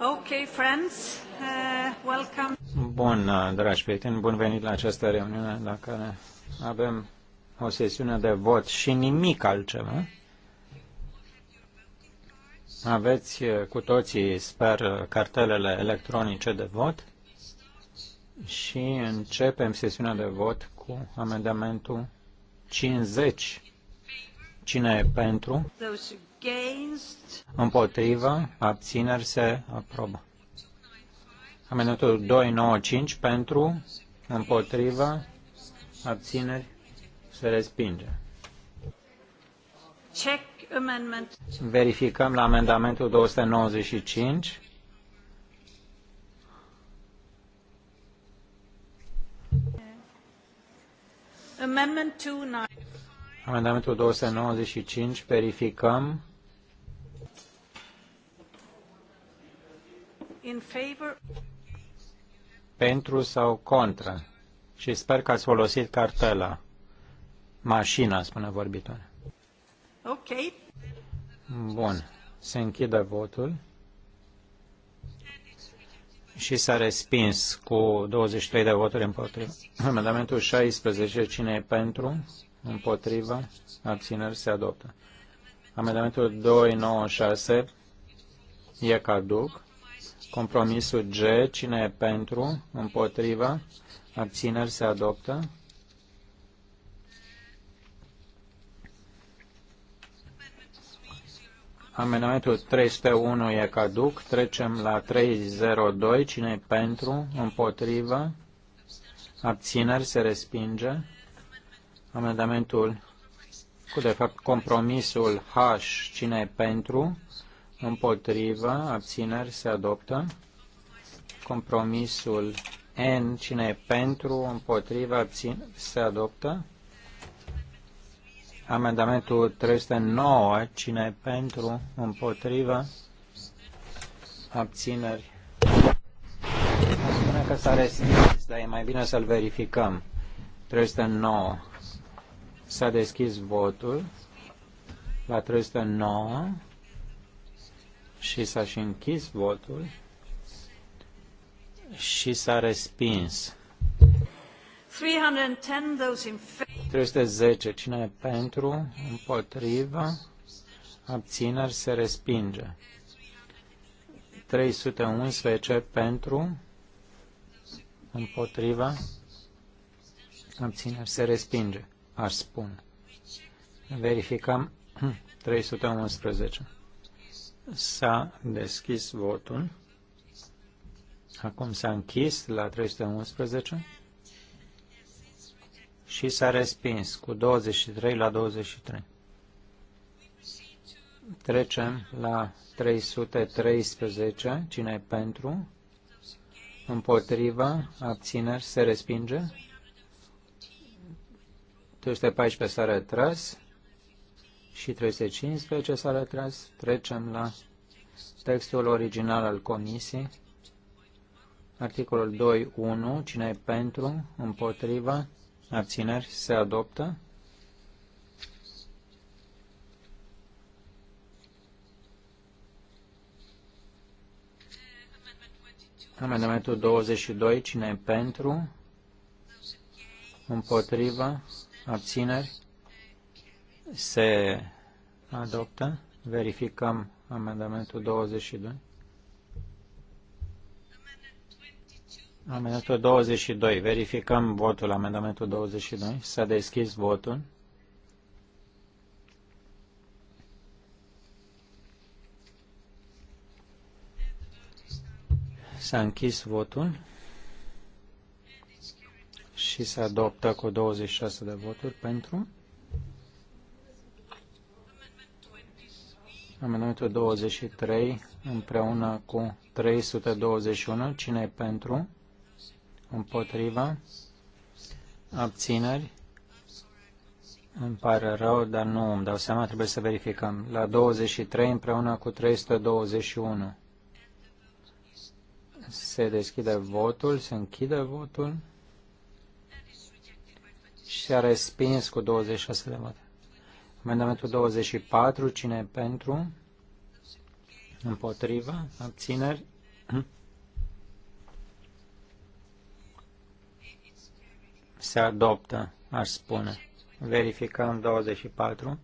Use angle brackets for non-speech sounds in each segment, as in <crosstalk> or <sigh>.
Okay, friends, uh, welcome. Bun, uh, dragi prieteni, bun venit la această reuniune Dacă avem o sesiune de vot și nimic altceva. Aveți uh, cu toții, sper, uh, cartelele electronice de vot și începem sesiunea de vot cu amendamentul 50 Cine e pentru? Împotrivă, abțineri se aprobă. Amenutul 295 pentru, împotrivă, abțineri se respinge. Check amendment. Verificăm la amendamentul 295. Amendment 29. Amendamentul 295, verificăm. In favor. Pentru sau contra? Și sper că ați folosit cartela. Mașina, spune vorbitoare. Ok. Bun. Se închide votul și s-a respins cu 23 de voturi împotriva. Amendamentul 16, cine e pentru? împotrivă, abțineri se adoptă. Amendamentul 296 e caduc. Compromisul G, cine e pentru, împotrivă, abțineri se adoptă. Amendamentul 301 e caduc. Trecem la 302. Cine e pentru? Împotrivă? Abțineri? Se respinge. Amendamentul cu de fapt compromisul H, cine e pentru, împotrivă, abțineri, se adoptă. Compromisul N, cine e pentru, împotrivă, abțineri, se adoptă. Amendamentul 309, cine e pentru, împotrivă, abțineri. Spune că s-a respins, dar e mai bine să-l verificăm. 309. S-a deschis votul la 309 și s-a și închis votul și s-a respins. 310. Cine e pentru, împotrivă, abțineri, se respinge. 311 pentru, împotrivă, abțineri, se respinge aș spune. Verificăm 311. <clears throat> S-a deschis votul. Acum s-a închis la 311 și s-a respins cu 23 la 23. Trecem la 313. Cine e pentru? Împotriva? Abțineri? Se respinge? 314 s-a retras și 315 s-a retras. Trecem la textul original al comisiei. Articolul 2.1. Cine e pentru, împotriva, abțineri, se adoptă. Amendamentul 22. Cine e pentru, împotriva, abțineri, se adoptă. Verificăm amendamentul 22. Amendamentul 22. Verificăm votul. Amendamentul 22. S-a deschis votul. S-a închis votul și se adoptă cu 26 de voturi pentru. Amendamentul 23 împreună cu 321. Cine e pentru? Împotriva? Abțineri? Îmi pare rău, dar nu îmi dau seama, trebuie să verificăm. La 23 împreună cu 321. Se deschide votul, se închide votul și a respins cu 26 de vote. Amendamentul 24, cine e pentru? Împotrivă? Abțineri? <clears throat> Se adoptă, aș spune. Verificăm 24.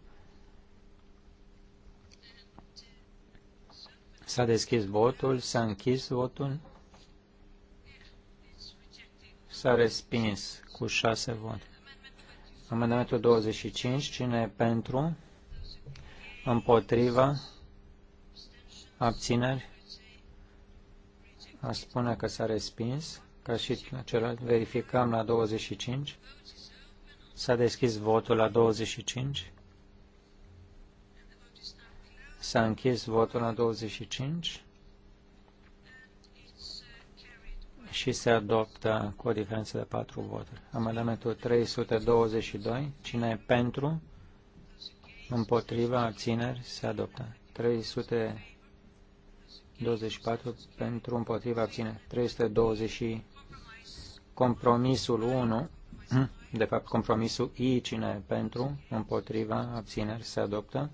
S-a deschis votul, s-a închis votul, s-a respins cu șase voturi. Amendamentul 25. Cine e pentru? Împotriva? Abțineri? A spune că s-a respins, ca și celălalt. Verificăm la 25. S-a deschis votul la 25. S-a închis votul la 25. și se adoptă cu o diferență de 4 voturi. Amendamentul 322, cine e pentru, împotriva, abțineri, se adoptă. 324 pentru, împotriva, abțineri. 320 compromisul 1, <clears throat> de fapt compromisul I, cine e pentru, împotriva, abțineri, se adoptă.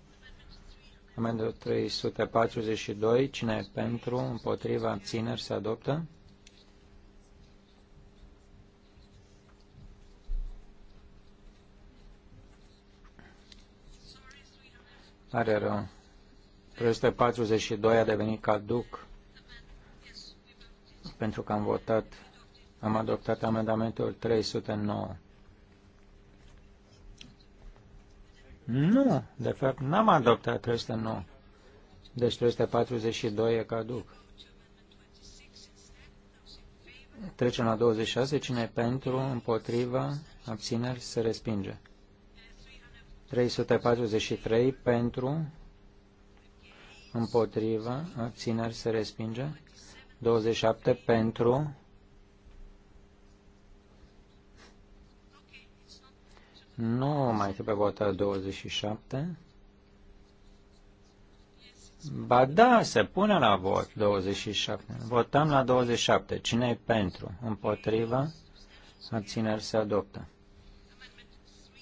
Amendamentul 342, cine e pentru, împotriva, abțineri, se adoptă. Are rău. 342 a devenit caduc pentru că am votat, am adoptat amendamentul 309. Nu, de fapt n-am adoptat 309. Deci 342 e caduc. Trecem la 26. Cine pentru, împotriva, abțineri, se respinge. 343 pentru, împotrivă, abțineri se respinge, 27 pentru, nu mai trebuie votat 27, Ba da, se pune la vot 27. Votăm la 27. Cine e pentru? Împotriva? Abțineri se adoptă.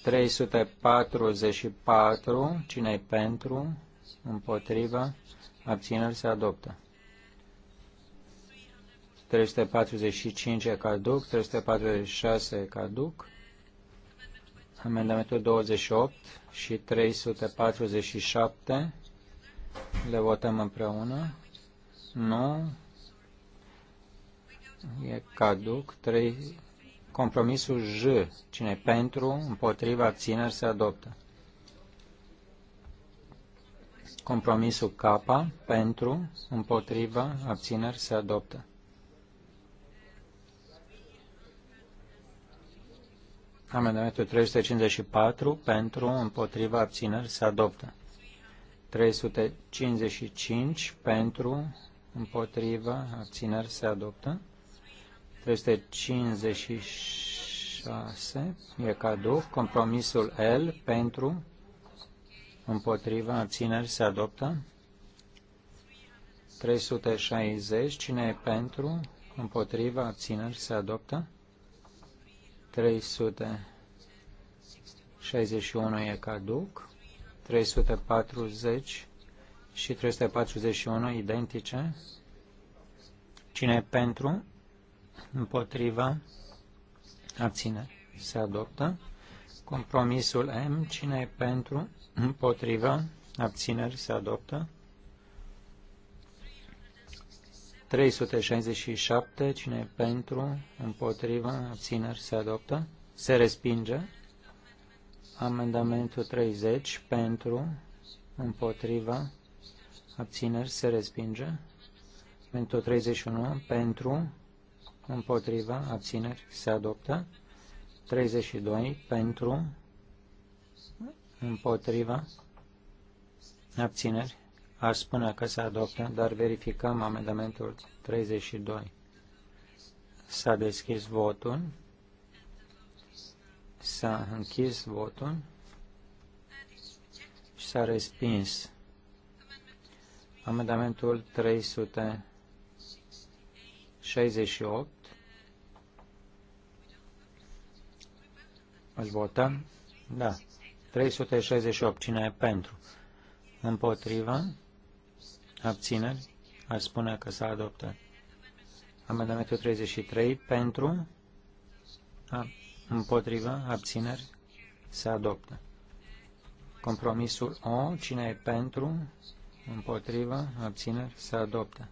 344. cine e pentru? Împotriva? Abțineri se adoptă. 345 e caduc, 346 e caduc, amendamentul 28 și 347 le votăm împreună. Nu, e caduc, 3, Compromisul J. Cine pentru, împotriva, abțineri se adoptă. Compromisul K. Pentru, împotriva, abțineri se adoptă. Amendamentul 354 pentru, împotriva, abțineri se adoptă. 355 pentru, împotriva, abțineri se adoptă. 356 e cadou. Compromisul L pentru împotriva țineri se adoptă. 360. Cine e pentru? Împotriva țineri se adoptă. 361 e caduc. 340 și 341 identice. Cine e pentru? împotriva, abține, se adoptă. Compromisul M, cine e pentru, împotriva, abțineri, se adoptă. 367, cine e pentru, împotriva, abțineri, se adoptă. Se respinge. Amendamentul 30, pentru, împotriva, abțineri, se respinge. Amendamentul 31, pentru, împotriva, abțineri, se adoptă. 32 pentru, împotriva, abțineri, aș spune că se adoptă, dar verificăm amendamentul 32. S-a deschis votul, s-a închis votul și s-a respins amendamentul 368 Îl votăm? Da. 368. Cine e pentru? Împotrivă? Abțineri? Ar spune că s-a adoptat. Amendamentul 33. Pentru? A, împotrivă? Abțineri? Se adoptă. Compromisul O. Cine e pentru? Împotrivă? Abțineri? Se adoptă.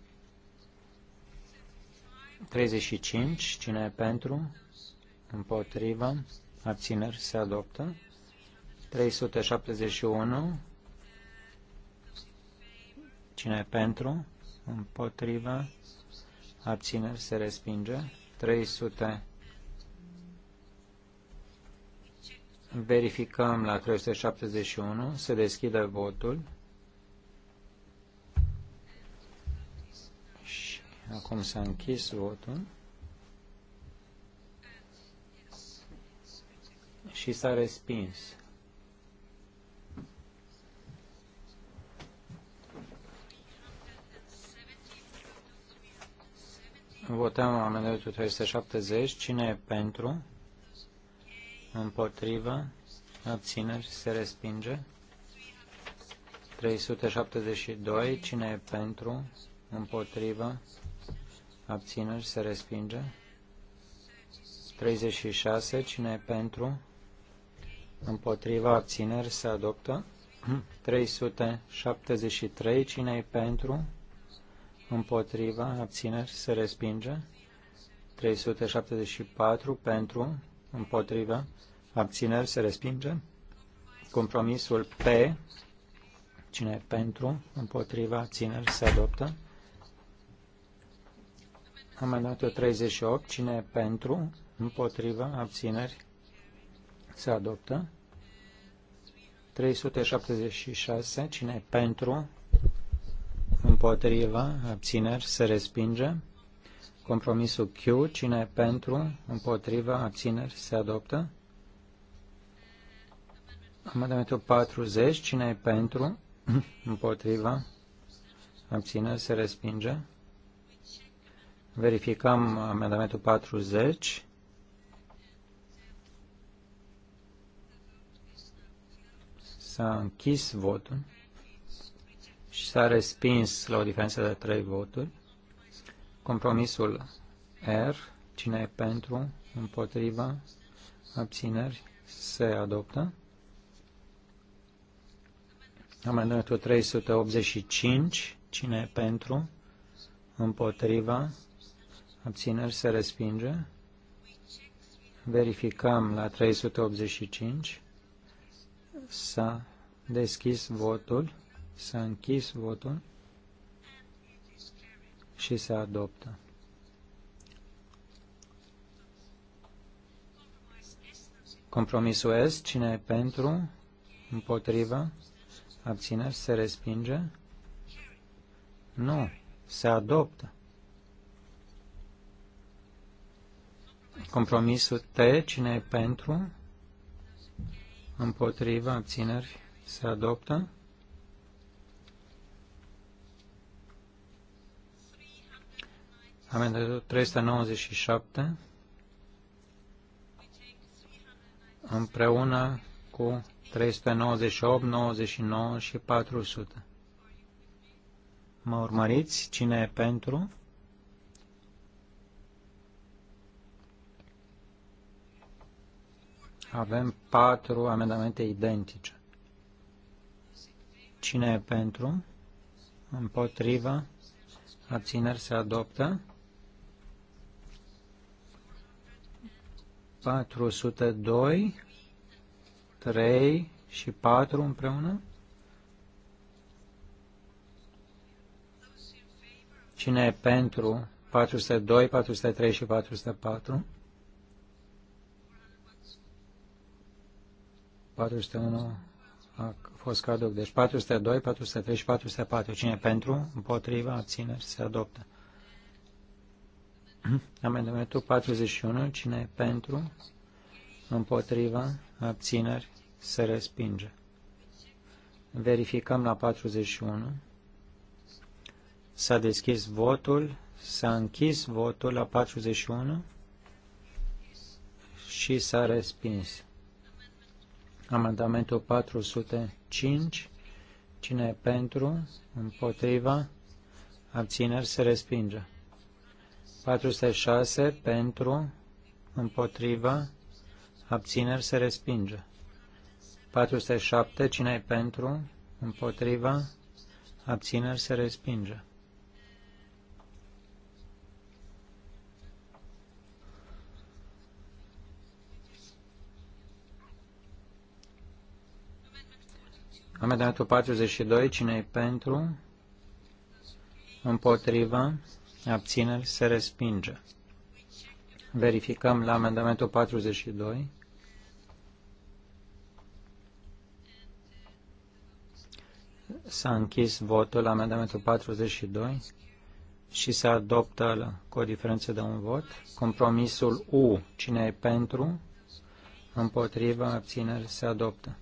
35. Cine e pentru? Împotrivă? abțineri se adoptă. 371, cine pentru, împotriva, abțineri se respinge. 300, verificăm la 371, se deschide votul. Și acum s-a închis votul. și s-a respins. Votăm amendamentul 370. Cine e pentru? Împotrivă? Abțineri? Se respinge? 372. Cine e pentru? Împotrivă? Abțineri? Se respinge? 36. Cine e pentru? împotriva abțineri se adoptă. 373, <clears throat> cine e pentru, împotriva, abțineri, se respinge. 374, pentru, împotriva, abțineri, se respinge. Compromisul P, cine e pentru, împotriva, abțineri, se adoptă. Amendatul 38, cine e pentru, împotriva, abțineri, se adoptă. 376. Cine e pentru? Împotriva. Abțineri. Se respinge. Compromisul Q. Cine e pentru? Împotriva. Abțineri. Se adoptă. Amendamentul 40. Cine e pentru? <clears throat> Împotriva. Abțineri. Se respinge. Verificăm amendamentul 40. S-a închis votul și s-a respins la o diferență de trei voturi. Compromisul R, cine e pentru, împotriva, abțineri, se adoptă. Amendamentul 385, cine e pentru, împotriva, abțineri, se respinge. Verificăm la 385. S-a deschis votul, s-a închis votul și se adoptă. Compromisul S, cine e pentru, împotrivă, abțineri, se respinge? Nu, se adoptă. Compromisul T, cine e pentru, împotriva, țineri se adoptă. 397. Amendamentul 397 împreună cu 398, 99 și 400. Mă urmăriți? Cine e pentru? Avem patru amendamente identice. Cine e pentru? Împotriva? Abțineri se adoptă? 402, 3 și 4 împreună? Cine e pentru 402, 403 și 404? 401 a fost caduc. Deci 402, 403 și 404. Cine pentru? Împotriva? abține și Se adoptă. <clears throat> Amendamentul 41. Cine pentru? Împotriva? Abțineri? Se respinge. Verificăm la 41. S-a deschis votul, s-a închis votul la 41 și s-a respins. Amendamentul 405. Cine e pentru? Împotriva? Abțineri se respinge. 406. Pentru? Împotriva? Abțineri se respinge. 407. Cine e pentru? Împotriva? Abțineri se respinge. Amendamentul 42, cine e pentru? Împotriva? Abțineri? Se respinge. Verificăm la amendamentul 42. S-a închis votul la amendamentul 42 și se adoptă cu o diferență de un vot. Compromisul U. Cine e pentru? Împotriva? Abțineri? Se adoptă.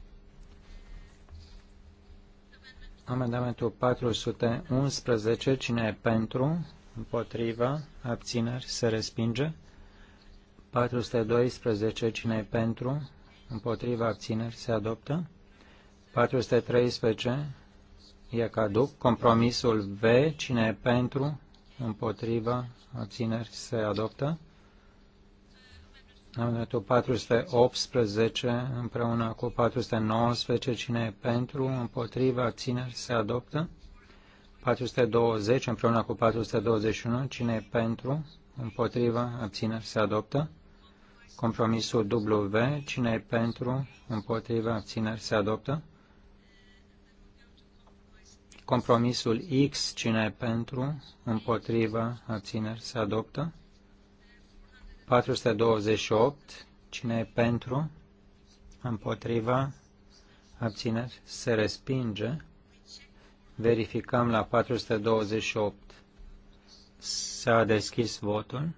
Amendamentul 411, cine e pentru, împotriva, abțineri, se respinge. 412, cine e pentru, împotriva, abțineri, se adoptă. 413, e caduc. Compromisul V, cine e pentru, împotriva, abțineri, se adoptă. Amendamentul 418 împreună cu 419, cine e pentru, împotriva, abțineri, se adoptă. 420 împreună cu 421, cine e pentru, împotriva, abțineri, se adoptă. Compromisul W, cine e pentru, împotriva, abțineri, se adoptă. Compromisul X, cine e pentru, împotriva, abțineri, se adoptă. 428. Cine e pentru? Împotriva? Abțineri? Se respinge. Verificăm la 428. S-a deschis votul.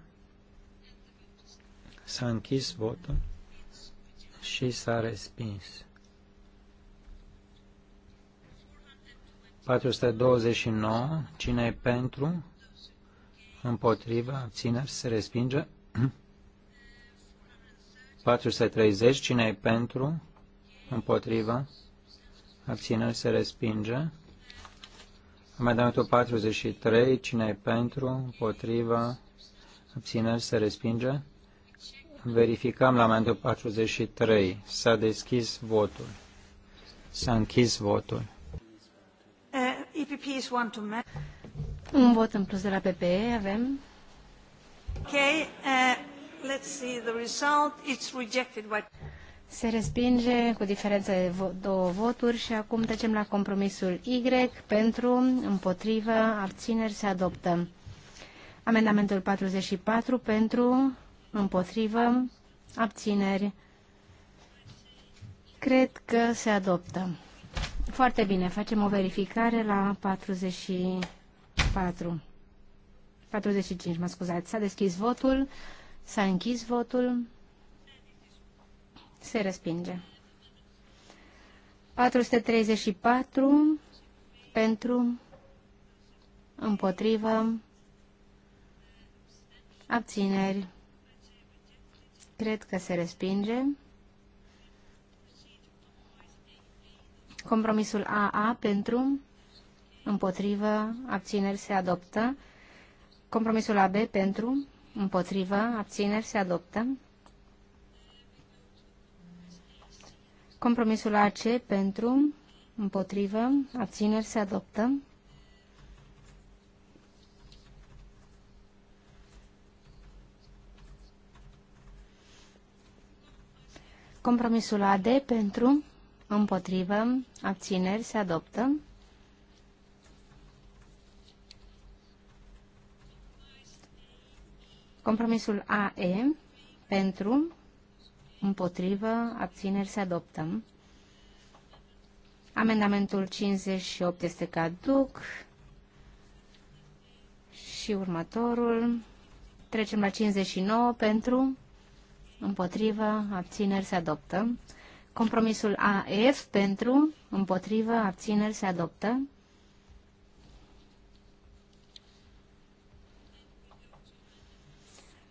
S-a închis votul și s-a respins. 429. Cine e pentru? Împotriva? Abțineri? Se respinge. 430. Cine e pentru? Împotriva? Abțineri se respinge. Amendamentul 43. Cine e pentru? Împotriva? Abțineri se respinge. Verificăm la amendamentul 43. S-a deschis votul. S-a închis votul. Uh, Un vot în plus de la PPE avem. Okay, uh, let's see the result. It's rejected by... Se respinge cu diferență de vo două voturi și acum trecem la compromisul Y pentru, împotrivă, abțineri se adoptă. Amendamentul 44 pentru, împotrivă, abțineri. Cred că se adoptă. Foarte bine, facem o verificare la 44. 45, mă scuzați. S-a deschis votul, s-a închis votul, se respinge. 434 pentru, împotrivă, abțineri. Cred că se respinge. Compromisul AA pentru, împotrivă, abțineri se adoptă. Compromisul AB pentru, împotrivă, abțineri se adoptă. Compromisul AC pentru, împotrivă, abțineri se adoptă. Compromisul AD pentru, împotrivă, abțineri se adoptă. Compromisul AE pentru, împotrivă, abțineri se adoptă. Amendamentul 58 este caduc și următorul. Trecem la 59 pentru, împotrivă, abțineri se adoptă. Compromisul AF pentru, împotrivă, abțineri se adoptă.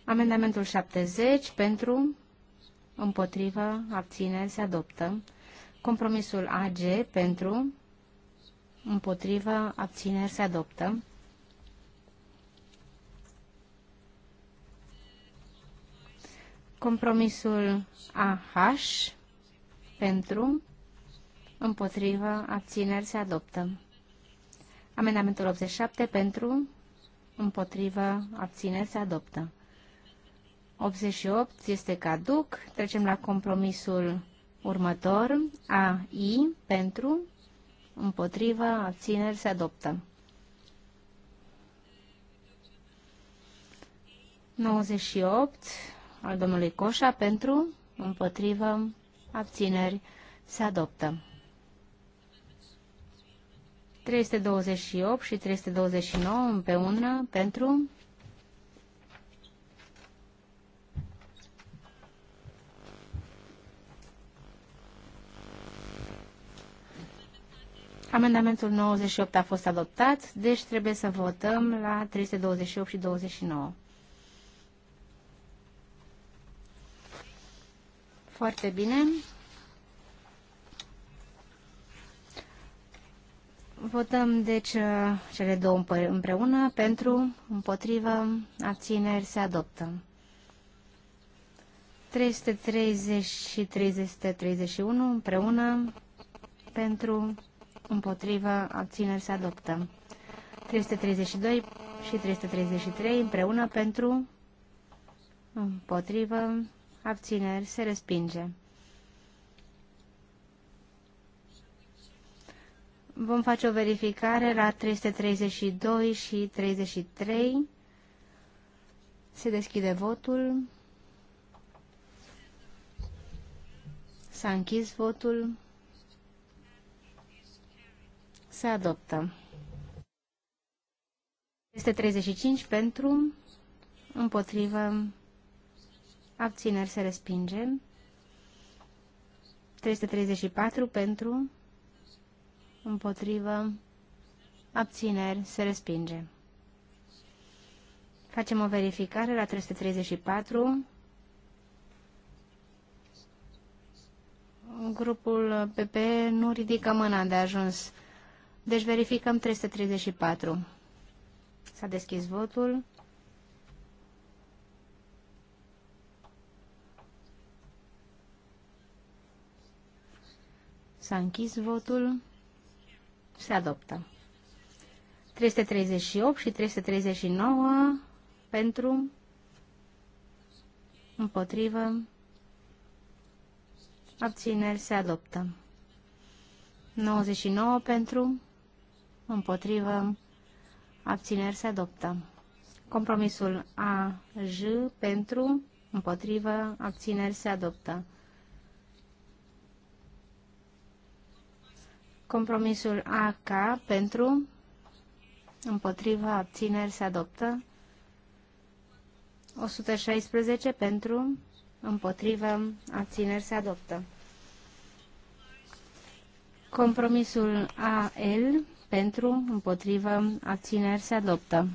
Amendamentul 70 pentru, împotrivă, abțineri, se adoptă. Compromisul AG pentru, împotrivă, abțineri, se adoptă. Compromisul AH pentru, împotrivă, abțineri, se adoptă. Amendamentul 87 pentru, împotrivă, abțineri, se adoptă. 88 este caduc. Trecem la compromisul următor. A I pentru, împotriva abțineri se adoptă. 98 al domnului Coșa pentru, împotrivă, abțineri se adoptă. 328 și 329 împreună pentru, Amendamentul 98 a fost adoptat, deci trebuie să votăm la 328 și 29. Foarte bine. Votăm, deci, uh, cele două împreună, pentru, împotrivă, abțineri, se adoptă. 330 și 331 împreună, pentru, împotrivă, abțineri se adoptă. 332 și 333 împreună pentru, împotrivă, abțineri se respinge. Vom face o verificare la 332 și 33. Se deschide votul. S-a închis votul. Se adoptă. 35 pentru, împotrivă, abțineri se respinge. 334 pentru, împotrivă, abțineri se respinge. Facem o verificare la 334. Grupul PP nu ridică mâna de ajuns. Deci verificăm 334. S-a deschis votul. S-a închis votul. Se adoptă. 338 și 339 pentru, împotrivă, abțineri se adoptă. 99 pentru, împotrivă, abțineri se adoptă. Compromisul a j pentru, împotrivă, abțineri se adoptă. Compromisul a k pentru, împotrivă, abțineri se adoptă. 116 pentru, împotrivă, abțineri se adoptă. Compromisul a l pentru, împotrivă, abțineri se adoptă.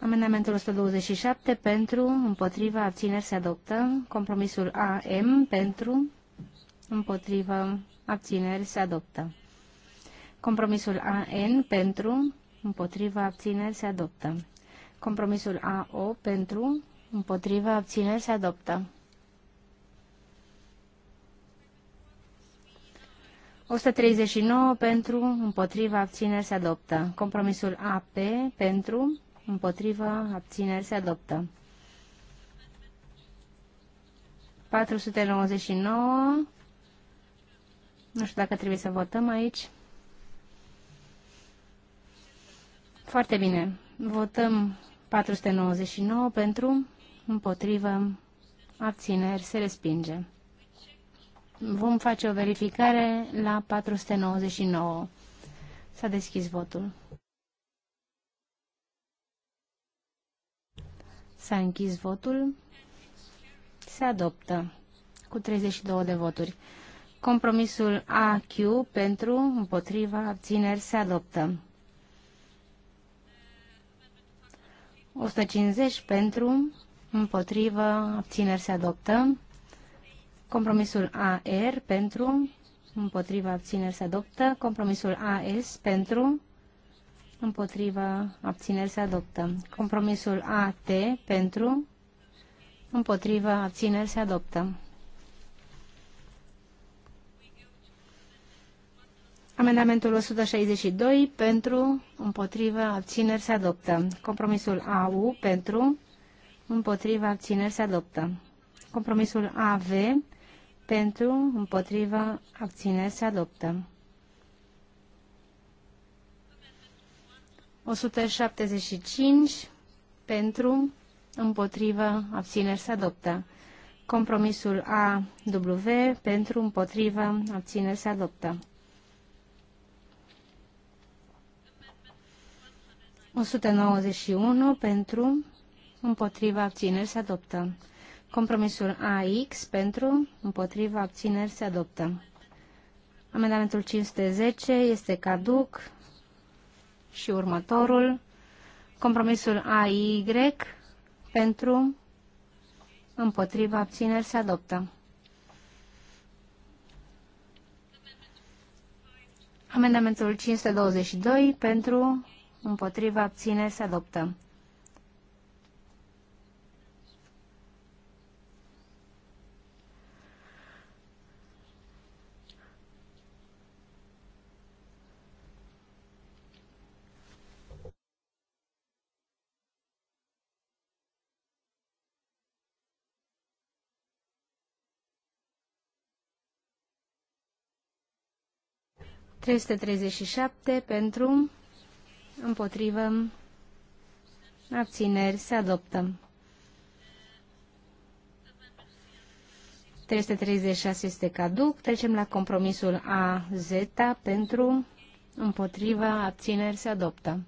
Amendamentul 127 pentru, împotriva, abțineri se adoptă. Compromisul AM pentru, împotriva, abțineri se adoptă. Compromisul AN pentru, împotriva, abțineri se adoptă. Compromisul AO pentru, împotriva, abțineri se adoptă. 139 pentru, împotriva, abțineri se adoptă. Compromisul AP pentru, împotriva, abțineri se adoptă. 499. Nu știu dacă trebuie să votăm aici. Foarte bine. Votăm 499 pentru, împotrivă, abțineri, se respinge. Vom face o verificare la 499. S-a deschis votul. S-a închis votul. Se adoptă cu 32 de voturi. Compromisul AQ pentru, împotriva, abțineri se adoptă. 150 pentru, împotriva abțineri se adoptă. Compromisul AR pentru, împotriva abțineri se adoptă. Compromisul AS pentru, împotriva abțineri se adoptă. Compromisul AT pentru, împotriva abțineri se adoptă. Amendamentul 162 pentru, împotriva, abțineri se adoptă. Compromisul AU pentru, împotriva, abțineri se adoptă. Compromisul AV pentru, împotriva, abține, se adoptă. 175 pentru, împotriva, abțineri se adoptă. Compromisul AW pentru, împotriva, abțineri se adoptă. 191 pentru, împotriva, abțineri se adoptă. Compromisul AX pentru, împotriva, abțineri se adoptă. Amendamentul 510 este caduc și următorul. Compromisul AY pentru, împotriva, abțineri se adoptă. Amendamentul 522 pentru, împotriva, abțineri se adoptă. 337 pentru, împotrivă, abțineri, se adoptă. 336 este caduc. Trecem la compromisul AZ pentru, împotriva, abțineri, se adoptă.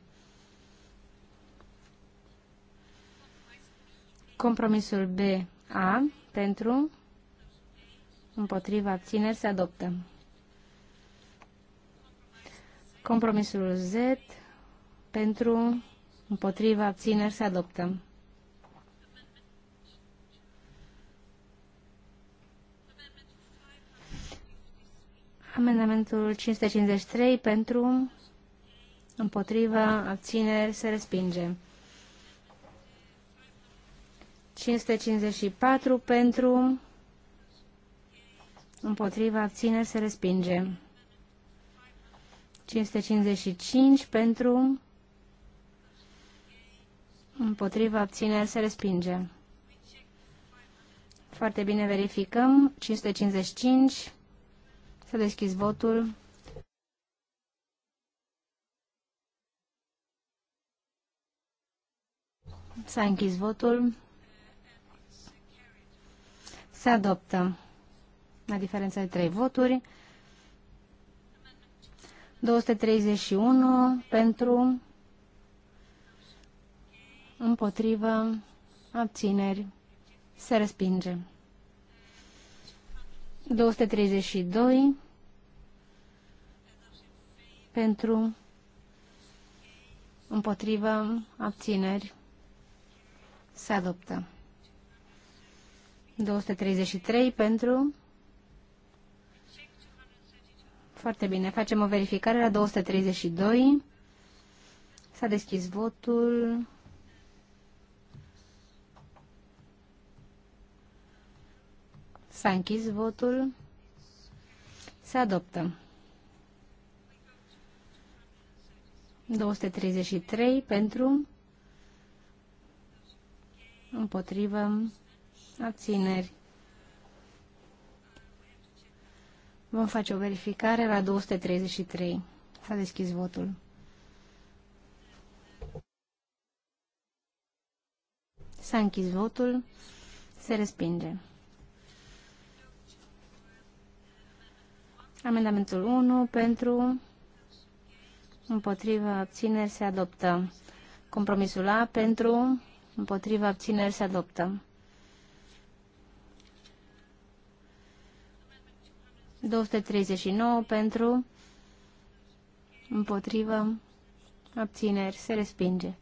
Compromisul BA pentru, împotriva, abțineri, se adoptă. Compromisul Z pentru împotriva abțineri se adoptă. Amendamentul 553 pentru împotriva abțineri se respinge. 554 pentru împotriva abțineri se respinge. 555 pentru, împotriva, abțineri, se respinge. Foarte bine verificăm. 555. Să deschizi votul. S-a închis votul. Se adoptă. La diferență de trei voturi. 231 pentru, împotrivă, abțineri, se respinge. 232 pentru, împotrivă, abțineri, se adoptă. 233 pentru, foarte bine. Facem o verificare la 232. S-a deschis votul. S-a închis votul. Se adoptă. 233 pentru, împotrivă, abțineri. Vom face o verificare la 233. S-a deschis votul. S-a închis votul. Se respinge. Amendamentul 1 pentru împotriva abțineri se adoptă. Compromisul A pentru împotriva abțineri se adoptă. 239 pentru, împotrivă, abțineri, se respinge.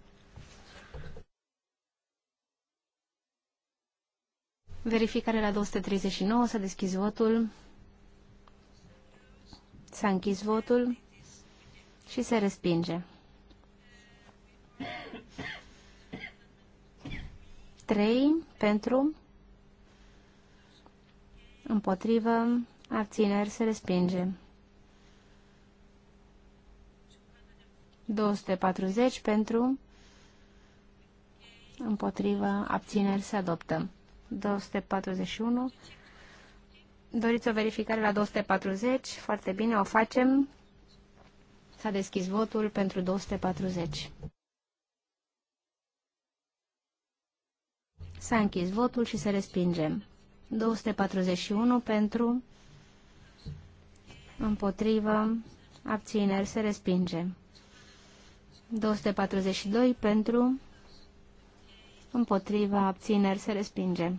Verificare la 239, s-a deschis votul, s-a închis votul și se respinge. 3 pentru, împotrivă, abțineri, se respinge. 240 pentru, împotrivă, abțineri, se adoptă. 241. Doriți o verificare la 240? Foarte bine, o facem. S-a deschis votul pentru 240. S-a închis votul și se respinge. 241 pentru, împotrivă, abțineri, se respinge. 242 pentru, împotrivă, abțineri, se respinge.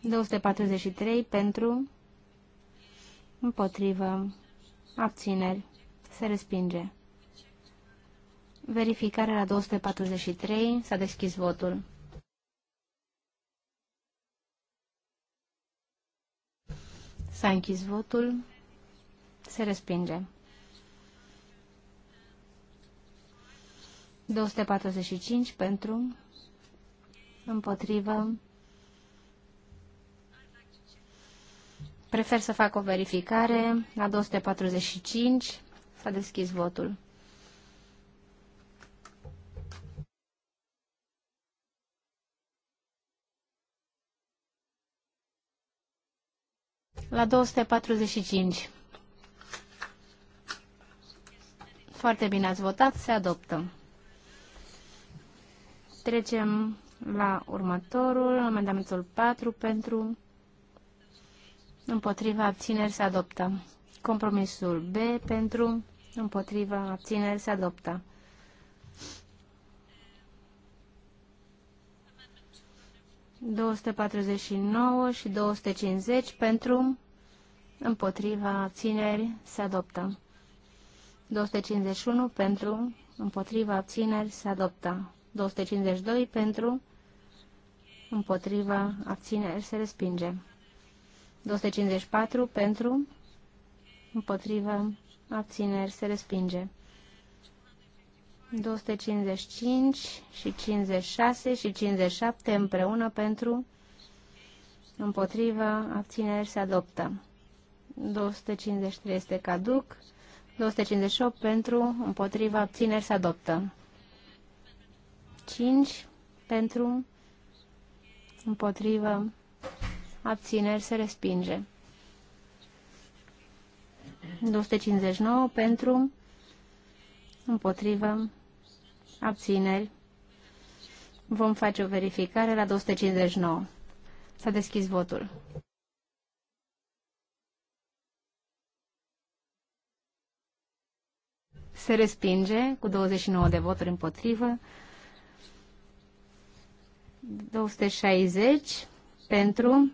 243 pentru, împotrivă, abțineri, se respinge. Verificare la 243, s-a deschis votul. S-a închis votul se respinge. 245 pentru, împotrivă. Prefer să fac o verificare. La 245 s-a deschis votul. La 245. Foarte bine ați votat, se adoptă. Trecem la următorul, amendamentul 4 pentru împotriva abțineri se adoptă. Compromisul B pentru împotriva abțineri se adoptă. ...249 și 250 pentru împotriva țineri se adoptă. 251 pentru, împotriva abțineri se adoptă. 252 pentru, împotriva abțineri se respinge. 254 pentru, împotriva abțineri se respinge. 255 și 56 și 57 împreună pentru, împotriva abțineri se adoptă. 253 este caduc. 258 pentru, împotriva, abțineri se adoptă. 5 pentru, împotriva, abțineri se respinge. 259 pentru, împotriva abțineri. Vom face o verificare la 259. S-a deschis votul. se respinge cu 29 de voturi împotrivă, 260 pentru,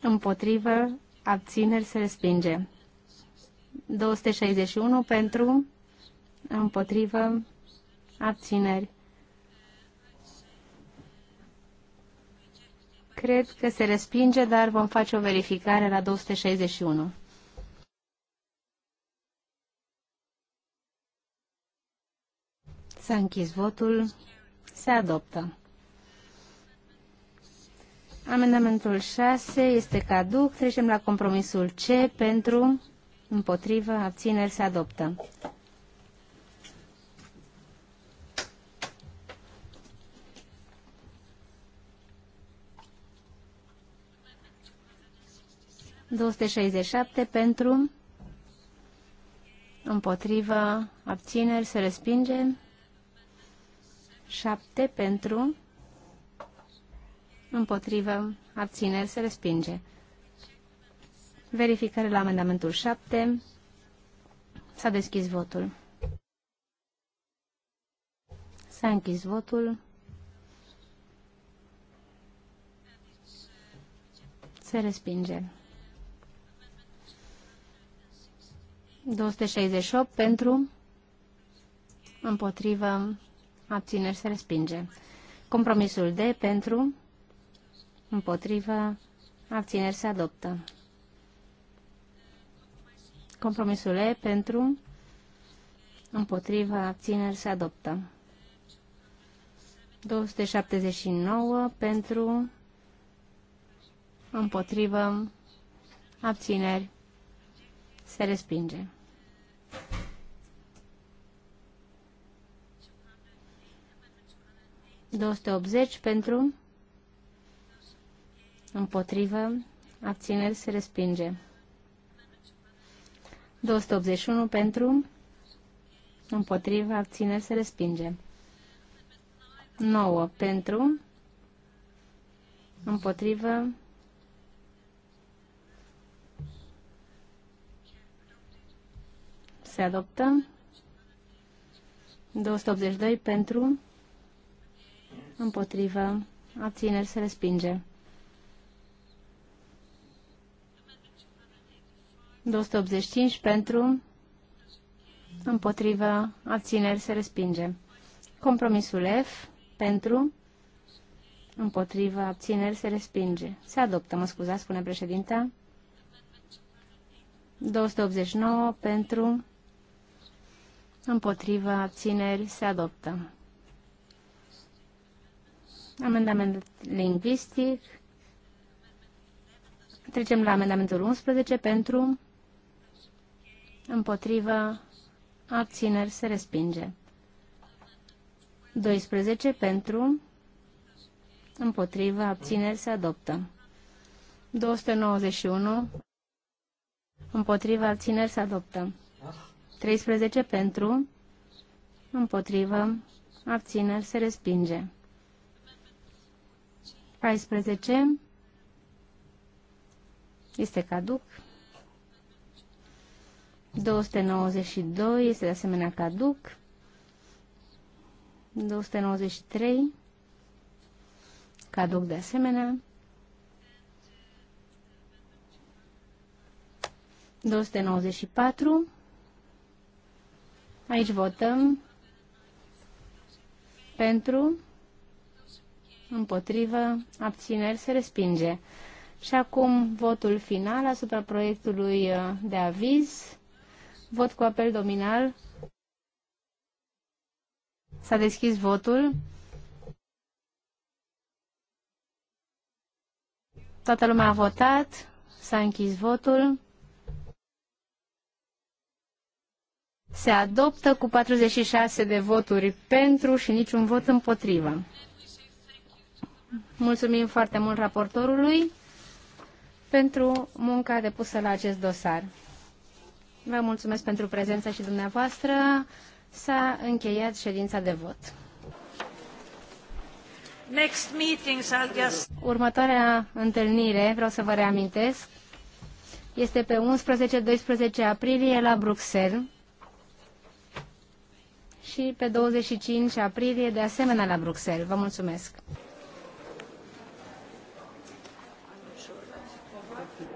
împotrivă, abțineri se respinge. 261 pentru, împotrivă, abțineri. Cred că se respinge, dar vom face o verificare la 261. S-a închis votul. Se adoptă. Amendamentul 6 este caduc. Trecem la compromisul C pentru, împotrivă, abțineri, se adoptă. ...267 pentru, împotrivă, abțineri, se respinge. 7 pentru, împotrivă, abțineri, se respinge. Verificare la amendamentul 7. S-a deschis votul. S-a închis votul. Se respinge. 268 pentru, împotrivă, abțineri se respinge. Compromisul D pentru, împotrivă, abțineri se adoptă. Compromisul E pentru, împotrivă, abțineri se adoptă. 279 pentru, împotrivă, abțineri se respinge. 280 pentru, împotrivă, abțineri se respinge. 281 pentru, împotrivă, abțineri se respinge. 9 pentru, împotrivă, se adoptă. 282 pentru, împotrivă, abțineri se respinge. 285 pentru, împotrivă, abțineri se respinge. Compromisul F pentru, împotrivă, abțineri se respinge. Se adoptă, mă scuzați, spune președinta. 289 pentru, împotrivă, abțineri se adoptă amendament lingvistic. Trecem la amendamentul 11 pentru împotrivă abțineri se respinge. 12 pentru împotrivă abțineri se adoptă. 291 împotrivă abțineri se adoptă. 13 pentru împotrivă abțineri se respinge. 14 este caduc. 292 este de asemenea caduc. 293 caduc de asemenea. 294 Aici votăm pentru împotrivă, abțineri, se respinge. Și acum votul final asupra proiectului uh, de aviz. Vot cu apel dominal. S-a deschis votul. Toată lumea a votat. S-a închis votul. Se adoptă cu 46 de voturi pentru și niciun vot împotrivă. Mulțumim foarte mult raportorului pentru munca depusă la acest dosar. Vă mulțumesc pentru prezența și dumneavoastră. S-a încheiat ședința de vot. Next meetings, I'll just... Următoarea întâlnire, vreau să vă reamintesc, este pe 11-12 aprilie la Bruxelles și pe 25 aprilie de asemenea la Bruxelles. Vă mulțumesc!